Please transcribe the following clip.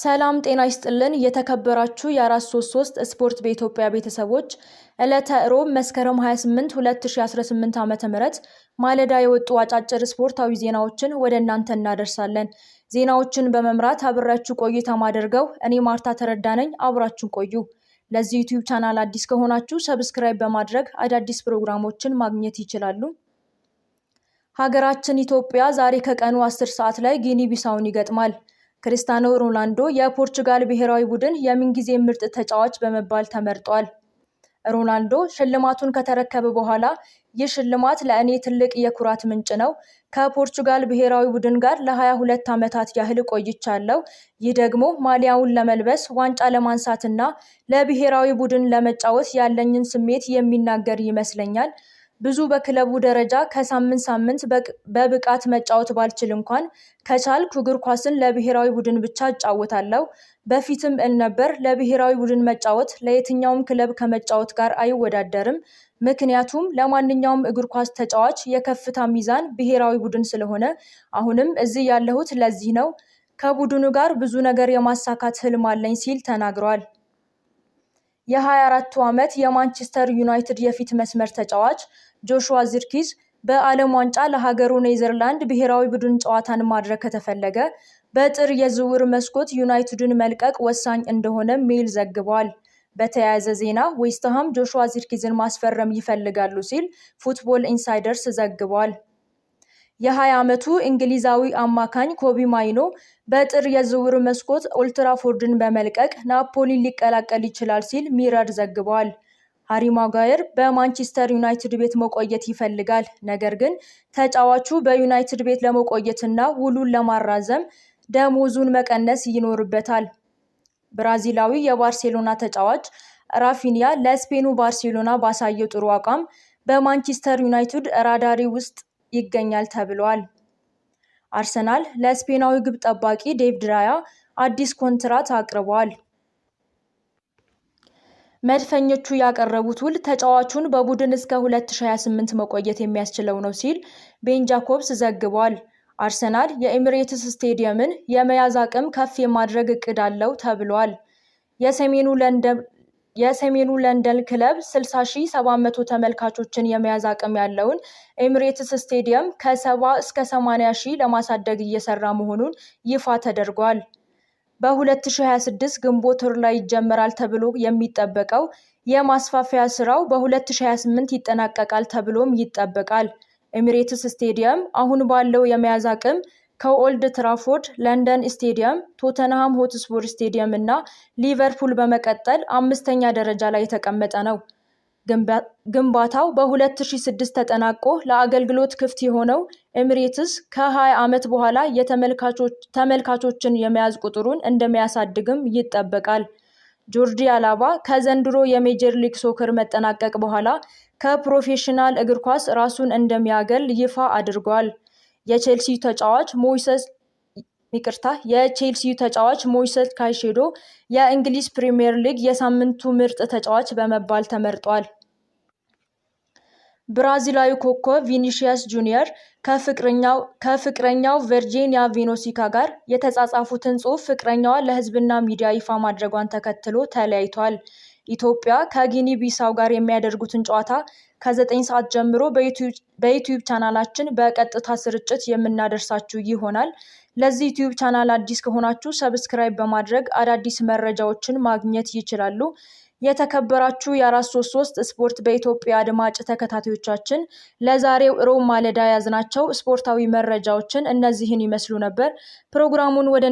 ሰላም ጤና ይስጥልን። የተከበራችሁ ሶስት ሶስት ስፖርት በኢትዮጵያ ቤተሰቦች ዕለተ ሮብ መስከረም 28 2018 ም ማለዳ የወጡ አጫጭር ስፖርታዊ ዜናዎችን ወደ እናንተ እናደርሳለን። ዜናዎችን በመምራት አብራችሁ ቆይታ ማደርገው እኔ ማርታ ተረዳ ነኝ። አብራችሁን ቆዩ። ለዚህ ዩቲዩብ ቻናል አዲስ ከሆናችሁ ሰብስክራይብ በማድረግ አዳዲስ ፕሮግራሞችን ማግኘት ይችላሉ። ሀገራችን ኢትዮጵያ ዛሬ ከቀኑ 10 ሰዓት ላይ ጊኒ ቢሳውን ይገጥማል። ክሪስቲያኖ ሮናልዶ የፖርቹጋል ብሔራዊ ቡድን የምንጊዜ ምርጥ ተጫዋች በመባል ተመርጧል። ሮናልዶ ሽልማቱን ከተረከበ በኋላ ይህ ሽልማት ለእኔ ትልቅ የኩራት ምንጭ ነው። ከፖርቹጋል ብሔራዊ ቡድን ጋር ለ22 ዓመታት ያህል ቆይቻለሁ። ይህ ደግሞ ማሊያውን ለመልበስ ዋንጫ ለማንሳትና ለብሔራዊ ቡድን ለመጫወት ያለኝን ስሜት የሚናገር ይመስለኛል። ብዙ በክለቡ ደረጃ ከሳምንት ሳምንት በብቃት መጫወት ባልችል እንኳን ከቻልኩ እግር ኳስን ለብሔራዊ ቡድን ብቻ እጫወታለሁ። በፊትም እል ነበር ለብሔራዊ ቡድን መጫወት ለየትኛውም ክለብ ከመጫወት ጋር አይወዳደርም። ምክንያቱም ለማንኛውም እግር ኳስ ተጫዋች የከፍታ ሚዛን ብሔራዊ ቡድን ስለሆነ አሁንም እዚህ ያለሁት ለዚህ ነው። ከቡድኑ ጋር ብዙ ነገር የማሳካት ህልም አለኝ ሲል ተናግሯል። የ24 ዓመት የማንቸስተር ዩናይትድ የፊት መስመር ተጫዋች ጆሹዋ ዚርኪዝ በዓለም ዋንጫ ለሀገሩ ኔዘርላንድ ብሔራዊ ቡድን ጨዋታን ማድረግ ከተፈለገ በጥር የዝውውር መስኮት ዩናይትድን መልቀቅ ወሳኝ እንደሆነ ሜል ዘግቧል። በተያያዘ ዜና ዌስትሃም ጆሹዋ ዚርኪዝን ማስፈረም ይፈልጋሉ ሲል ፉትቦል ኢንሳይደርስ ዘግቧል። የ20 ዓመቱ እንግሊዛዊ አማካኝ ኮቢ ማይኖ በጥር የዝውውር መስኮት ኦልትራፎርድን በመልቀቅ ናፖሊን ሊቀላቀል ይችላል ሲል ሚረር ዘግቧል። ሃሪ ማጓየር በማንቸስተር ዩናይትድ ቤት መቆየት ይፈልጋል። ነገር ግን ተጫዋቹ በዩናይትድ ቤት ለመቆየትና ውሉን ለማራዘም ደሞዙን መቀነስ ይኖርበታል። ብራዚላዊ የባርሴሎና ተጫዋች ራፊኒያ ለስፔኑ ባርሴሎና ባሳየው ጥሩ አቋም በማንቸስተር ዩናይትድ ራዳሪ ውስጥ ይገኛል ተብሏል። አርሰናል ለስፔናዊ ግብ ጠባቂ ዴቭ ድራያ አዲስ ኮንትራት አቅርቧል። መድፈኞቹ ያቀረቡት ውል ተጫዋቹን በቡድን እስከ 2028 መቆየት የሚያስችለው ነው ሲል ቤን ጃኮብስ ዘግቧል። አርሰናል የኤሚሬትስ ስቴዲየምን የመያዝ አቅም ከፍ የማድረግ እቅድ አለው ተብሏል። የሰሜኑ የሰሜኑ ለንደን ክለብ 60700 ተመልካቾችን የመያዝ አቅም ያለውን ኤምሬትስ ስቴዲየም ከ70 እስከ 80 ሺህ ለማሳደግ እየሰራ መሆኑን ይፋ ተደርጓል። በ2026 ግንቦት ወር ላይ ይጀመራል ተብሎ የሚጠበቀው የማስፋፊያ ስራው በ2028 ይጠናቀቃል ተብሎም ይጠበቃል። ኤምሬትስ ስቴዲየም አሁን ባለው የመያዝ አቅም ከኦልድ ትራፎርድ፣ ለንደን ስቴዲየም፣ ቶተንሃም ሆትስፖር ስቴዲየም እና ሊቨርፑል በመቀጠል አምስተኛ ደረጃ ላይ የተቀመጠ ነው። ግንባታው በ2006 ተጠናቆ ለአገልግሎት ክፍት የሆነው ኤምሬትስ ከ20 ዓመት በኋላ ተመልካቾችን የመያዝ ቁጥሩን እንደሚያሳድግም ይጠበቃል። ጆርዲ አላባ ከዘንድሮ የሜጀር ሊግ ሶከር መጠናቀቅ በኋላ ከፕሮፌሽናል እግር ኳስ ራሱን እንደሚያገል ይፋ አድርጓል። የቼልሲ ተጫዋች ሞይሰስ ይቅርታ የቼልሲ ተጫዋች ሞይሰስ ካይሼዶ የእንግሊዝ ፕሪምየር ሊግ የሳምንቱ ምርጥ ተጫዋች በመባል ተመርጧል። ብራዚላዊ ኮከብ ቪኒሺየስ ጁኒየር ከፍቅረኛው ቨርጂኒያ ቬኖሲካ ጋር የተጻጻፉትን ጽሑፍ ፍቅረኛዋ ለሕዝብና ሚዲያ ይፋ ማድረጓን ተከትሎ ተለያይቷል። ኢትዮጵያ ከጊኒ ቢሳው ጋር የሚያደርጉትን ጨዋታ ከዘጠኝ ሰዓት ጀምሮ በዩትዩብ ቻናላችን በቀጥታ ስርጭት የምናደርሳችሁ ይሆናል። ለዚህ ዩትዩብ ቻናል አዲስ ከሆናችሁ ሰብስክራይብ በማድረግ አዳዲስ መረጃዎችን ማግኘት ይችላሉ። የተከበራችሁ የአራት ሶስት ሶስት ስፖርት በኢትዮጵያ አድማጭ ተከታታዮቻችን ለዛሬው ሮብ ማለዳ ያዝናቸው ስፖርታዊ መረጃዎችን እነዚህን ይመስሉ ነበር። ፕሮግራሙን ወደ